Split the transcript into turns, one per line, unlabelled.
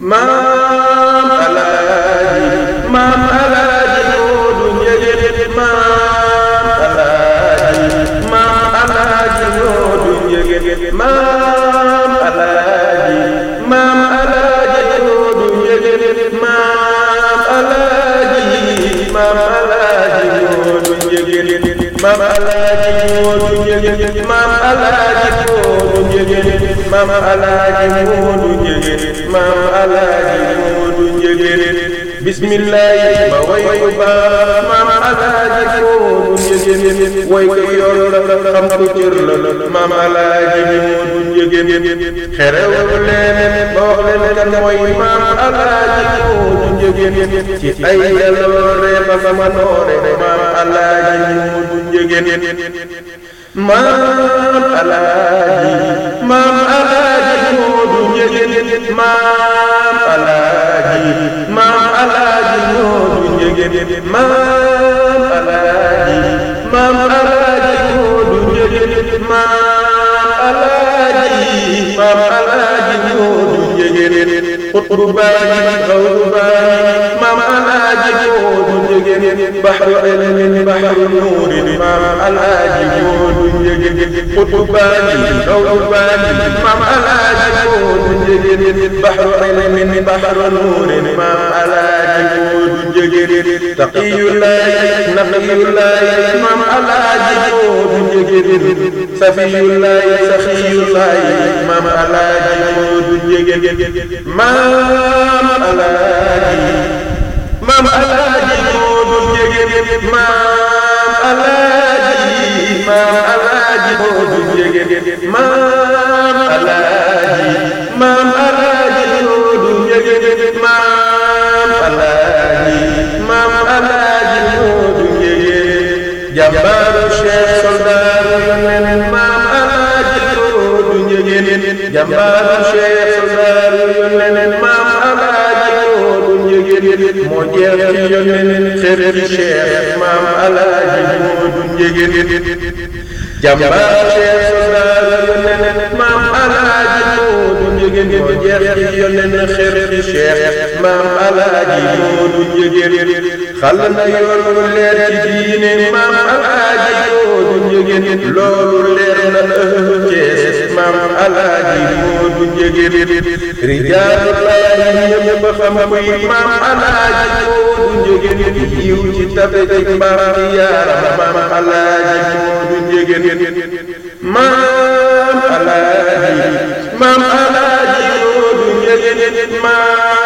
maam alaaji maam alaaji Moodu Njëgeen maam alaaji maam alaaji Moodu Njëgeen maam alaaji maam alaaji Moodu Njëgeen maam alaaji maam alaaji Moodu Njëgeen maam alaaji Moodu Njëgeen maam alaaji njëgën maam alaaji moodu njëgën maam alaaji moodu njëgën bismillaahi ma woy maam alaaji moodu njëgën woy ko maam alaaji moodu njëgën xerew leen ba wax leen maam alaaji moodu njëgën ci ay yaloore ba sama noore maam alaaji moodu njëgën maam njëgeen maam alaaji maam alaaji moodu njëgeen maam alaaji maam alaaji moodu njëgeen xutbu baaji xawru baaji maam alaaji moodu njëgeen baxru ilmin baxru nuurin maam alaaji moodu njëgeen xutbu baaji xawru baaji maam alaaji moodu njëgeen baxru ilmin baxru nuurin maam alaaji jóge taqiyullaay nabiyullaay maam alaaji moo du jóge safiyullaay saxiyullaay maam alaaji moo du jóge maam alaaji maam alaaji moo du jóge maam alaaji maam alaaji moo du jóge maam alaaji jàmbaaru cheikh soldaaru yonent maam alaaji Moodu Njëgeen jàmbaaru cheikh soldaaru yonent maam alaaji Moodu Njëgeen moo jeex ci yonent xeeti cheikh maam alaaji Moodu Njëgeen jàmbaaru cheikh soldaaru yonent maam alaaji Moodu Njëgeen moo jeex ci yonent xeeti cheikh maam alaaji Moodu Njëgeen xal na yoonu leer ci diine maam alaaji moodu njëgeen loolu leer na ëhëb cees maam alaaji moodu njëgeen rijaalu laay ñëpp xam kuy maam alaaji moodu njëgeen yiw ci tabe ci baax yaaram maam alaaji moodu njëgeen maam alaaji maam alaaji moodu njëgeen maam